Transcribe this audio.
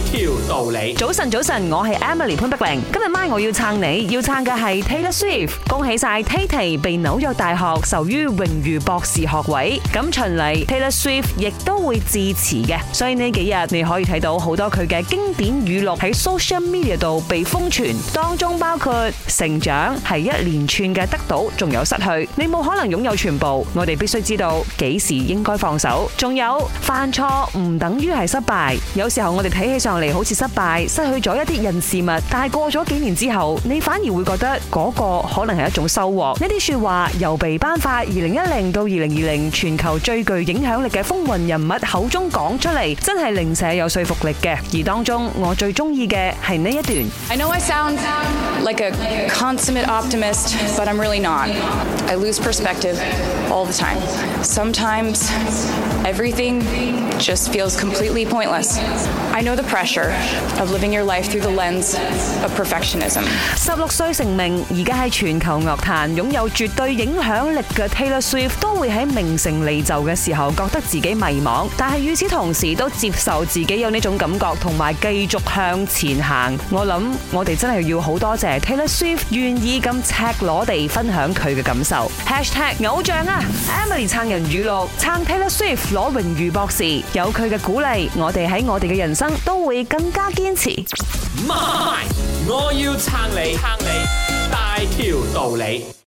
條道理。早晨，早晨，我係 Emily 潘德玲。今日晚我要撐你，要撐嘅係 Taylor Swift。恭喜晒 Tay Tay 被紐約大學授予榮譽博士學位。咁循例 Taylor Swift 亦都會致辭嘅。所以呢幾日你可以睇到好多佢嘅經典語錄喺 social media 度被瘋傳，當中包括成長係一連串嘅得到，仲有失去。你冇可能擁有全部，我哋必須知道幾時應該放手。仲有犯錯唔等於係失敗，有時候我哋睇起。上嚟好似失敗，失去咗一啲人事物，但係過咗幾年之後，你反而會覺得嗰個可能係一種收穫。呢啲說話由被頒發二零一零到二零二零全球最具影響力嘅風雲人物口中講出嚟，真係零舍有說服力嘅。而當中我最中意嘅係呢一段。十六歲成名，而家喺全球樂壇擁有絕對影響力嘅 Taylor Swift 都會喺名成利就嘅時候覺得自己迷茫，但係與此同時都接受自己有呢種感覺，同埋繼續向前行。我諗我哋真係要好多謝 Taylor Swift 願意咁赤裸地分享佢嘅感受。#hashtag 偶像啊，Emily 撐人語錄，撐 Taylor Swift 攞榮譽博士，有佢嘅鼓勵，我哋喺我哋嘅人生都。會更加堅持。My, 我要撐你，撐你，大條道理。